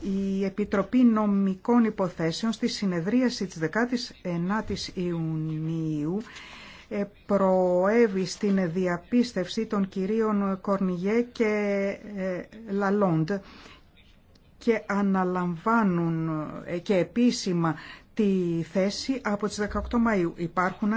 Η Επιτροπή Νομικών Υποθέσεων στη συνεδρίαση της 19ης Ιουνίου ε, προέβη στην διαπίστευση των κυρίων Κορνιγέ και ε, Λαλόντ και αναλαμβάνουν ε, και επίσημα τη θέση από τις 18 Μαΐου. Υπάρχουν